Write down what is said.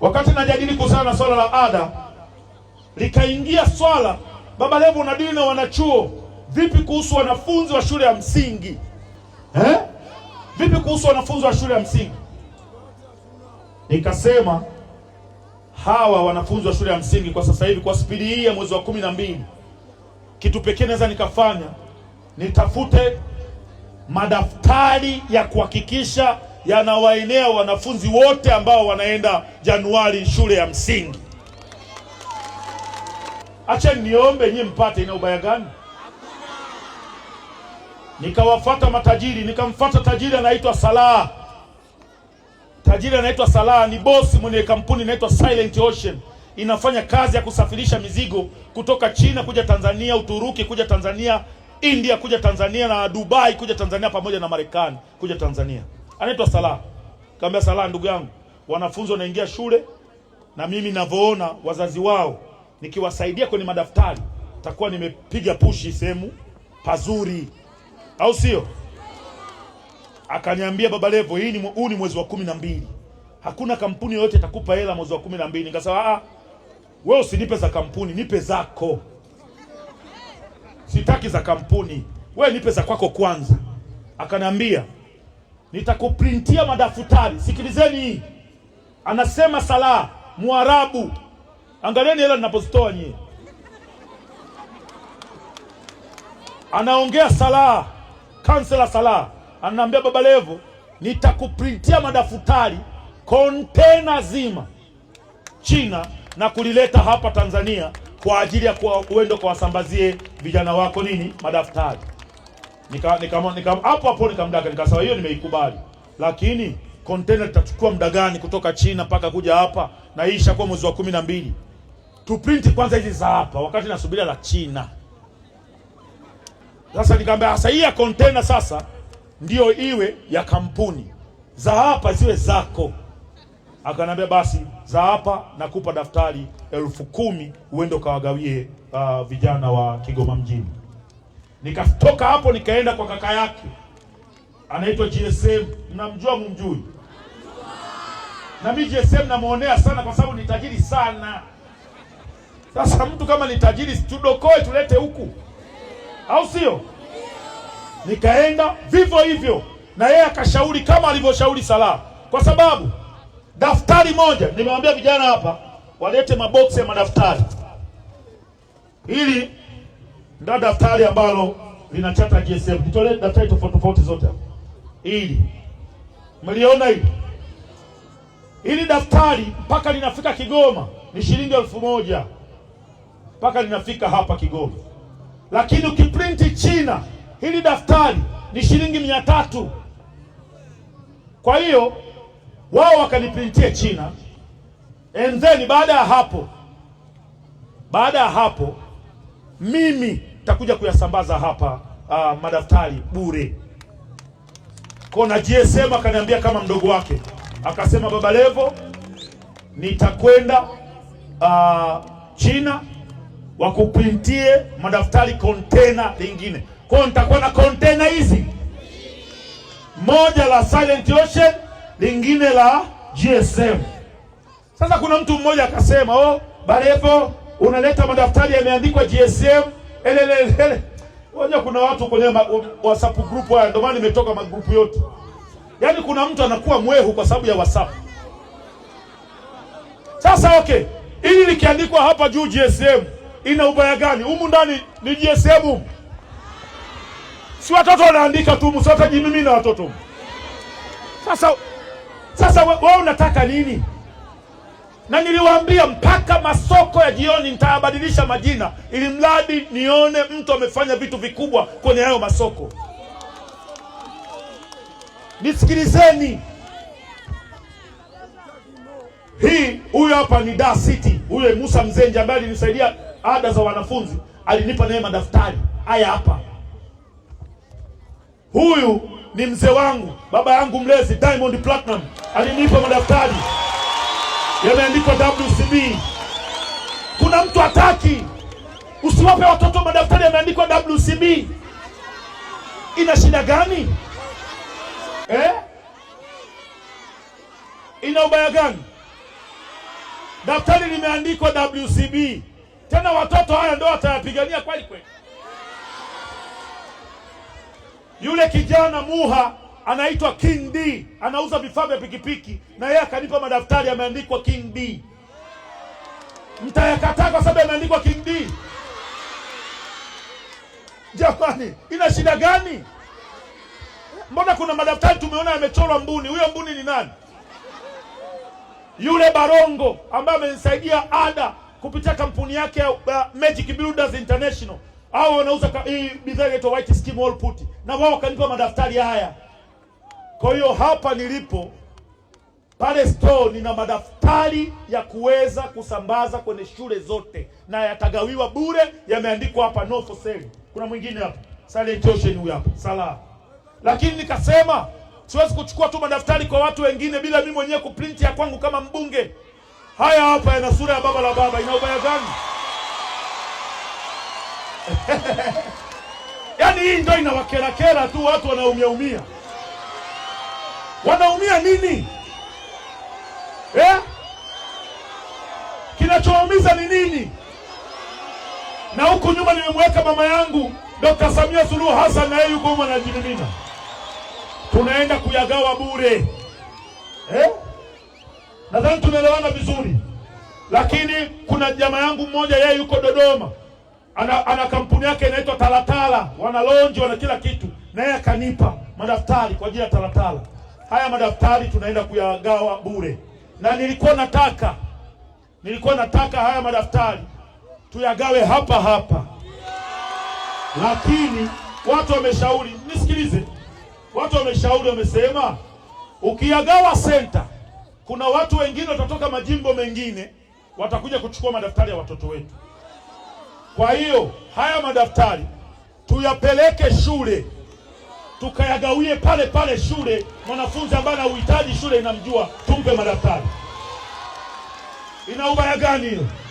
Wakati najadili kuhusiana na swala la ada, likaingia swala Baba Levo, unadili na wanachuo vipi kuhusu wanafunzi wa shule ya msingi eh? Vipi kuhusu wanafunzi wa shule ya msingi? Nikasema hawa wanafunzi wa shule ya msingi kwa sasa hivi, kwa spidi hii ya mwezi wa kumi na mbili, kitu pekee naweza nikafanya nitafute madaftari ya kuhakikisha yanawaenea wanafunzi wote ambao wanaenda Januari shule ya msingi. Acha niombe nyinyi mpate, ina ubaya gani? Nikawafata matajiri, nikamfata tajiri anaitwa Salah. Tajiri anaitwa Salah, ni bosi mwenye kampuni inaitwa Silent Ocean, inafanya kazi ya kusafirisha mizigo kutoka China kuja Tanzania, Uturuki kuja Tanzania, India kuja Tanzania na Dubai kuja Tanzania, pamoja na Marekani kuja Tanzania anaitwa Salah. Kaambia Salah, ndugu yangu, wanafunzi wanaingia shule na mimi navyoona wazazi wao, nikiwasaidia kwenye madaftari takuwa nimepiga pushi sehemu pazuri, au sio? Akaniambia, Baba Levo, hii ni huu ni mwezi wa kumi na mbili, hakuna kampuni yoyote itakupa hela mwezi wa kumi na mbili. Nikasema ah, wewe usinipe za kampuni, nipe zako. Sitaki za kampuni, wewe nipe za kwako kwanza. Akaniambia nitakuprintia madaftari. Sikilizeni hii, anasema Salah Mwarabu. Angalieni hela ninapozitoa nyie. Anaongea Salah, kansela Salah ananiambia Baba Levo, nitakuprintia madafutari kontena zima China na kulileta hapa Tanzania kwa ajili ya uende kwa wasambazie vijana wako nini madaftari. Nika nika nika hapo hapo nikamdaka nikasema hiyo nimeikubali. Lakini container tutachukua muda gani kutoka China mpaka kuja hapa na hii ishakuwa mwezi wa 12. Tuprint kwanza hizi za hapa wakati nasubiria la China. Sasa nikamwambia sasa hii ya container sasa ndio iwe ya kampuni. Za hapa ziwe zako. Akanambia basi za hapa nakupa daftari elfu kumi uende ukawagawie uh, vijana wa Kigoma mjini. Nikatoka hapo nikaenda kwa kaka yake anaitwa GSM, mnamjua mumjui? Na mimi GSM namwonea sana kwa sababu ni tajiri sana. Sasa mtu kama ni tajiri tudokoe tulete huku, au sio? Nikaenda vivyo hivyo na yeye akashauri kama alivyoshauri Salah, kwa sababu daftari moja, nimewambia vijana hapa walete maboksi ya madaftari ili nda daftari ambalo linachata GSM. Nitolee daftari tofauti tofauti zote Ili mliona hili hili daftari mpaka linafika Kigoma ni shilingi elfu moja mpaka linafika hapa Kigoma, lakini ukiprinti China hili daftari ni shilingi mia tatu. Kwa hiyo wao wakaniprintie China enzeni baada ya hapo, baada ya hapo mimi takuja kuyasambaza hapa uh, madaftari bure. Kwa na GSM akaniambia kama mdogo wake akasema, Baba Levo, nitakwenda uh, China wakupintie madaftari kontena lingine. Kwa nitakuwa na kontena hizi, moja la Silent Ocean, lingine la GSM. Sasa kuna mtu mmoja akasema, oh, Balevo unaleta madaftari yameandikwa GSM ele ele ele. kuna watu kwenye WhatsApp group haya, ndio maana nimetoka magrupu yote. Yaani kuna mtu anakuwa mwehu kwa sababu ya WhatsApp. Sasa okay, ili likiandikwa hapa juu GSM ina ubaya gani? Humu ndani ni GSM. Si watoto wanaandika tu, msote jimimi na watoto. Sasa sasa wewe we unataka nini? na niliwaambia mpaka masoko ya jioni nitayabadilisha majina, ili mradi nione mtu amefanya vitu vikubwa kwenye hayo masoko. Nisikilizeni hii, huyu hapa ni Dar City, huyo Musa mzenji ambaye alinisaidia ada za wanafunzi, alinipa naye madaftari haya hapa. Huyu ni mzee wangu, baba yangu mlezi Diamond Platinum, alinipa madaftari yameandikwa WCB. Kuna mtu hataki, usiwape watoto madaftari yameandikwa WCB. Ina shida gani eh? Ina ubaya gani? Daftari limeandikwa WCB, tena watoto haya ndio watayapigania kweli kweli. Yule kijana Muha anaitwa King D, anauza vifaa vya pikipiki, na yeye akanipa madaftari yameandikwa King D. Mtayakataa kwa sababu yameandikwa King D? Jamani, ina shida gani? Mbona kuna madaftari tumeona yamechorwa mbuni. Huyo mbuni ni nani? Yule Barongo ambaye amenisaidia ada kupitia kampuni yake ya uh, Magic Builders International, au wanauza bidhaa inaitwa White Skim Wall Putty, na wao wakanipa madaftari haya. Kwa hiyo hapa nilipo pale store nina madaftari ya kuweza kusambaza kwenye shule zote, na yatagawiwa bure, yameandikwa hapa no for sale. Kuna mwingine hapa Silent Ocean huyu hapa sala, lakini nikasema siwezi kuchukua tu madaftari kwa watu wengine bila mimi mwenyewe kuprinti ya kwangu kama mbunge. Haya hapa yana sura ya baba la baba, ina ubaya gani? Yaani hii ndio inawakerakera tu, watu wanaumia umia wanaumia nini eh? Kinachowaumiza ni nini? Na huku nyuma nimemweka mama yangu Dr. Samia Suluhu Hassan, na yeye yuko huko anajimimina, tunaenda kuyagawa bure eh? Nadhani tunaelewana vizuri, lakini kuna jamaa yangu mmoja, yeye yuko Dodoma, ana, ana kampuni yake inaitwa Talatala, wana lonji wana kila kitu, na akanipa madaftari kwa ajili ya Talatala haya madaftari tunaenda kuyagawa bure, na nilikuwa nataka nilikuwa nataka haya madaftari tuyagawe hapa hapa, lakini watu wameshauri, nisikilize, watu wameshauri, wamesema ukiyagawa senta, kuna watu wengine watatoka majimbo mengine watakuja kuchukua madaftari ya watoto wetu. Kwa hiyo haya madaftari tuyapeleke shule tukayagawie pale pale shule. Mwanafunzi ambaye uhitaji shule inamjua, tumpe madaftari. Ina ubaya gani hiyo?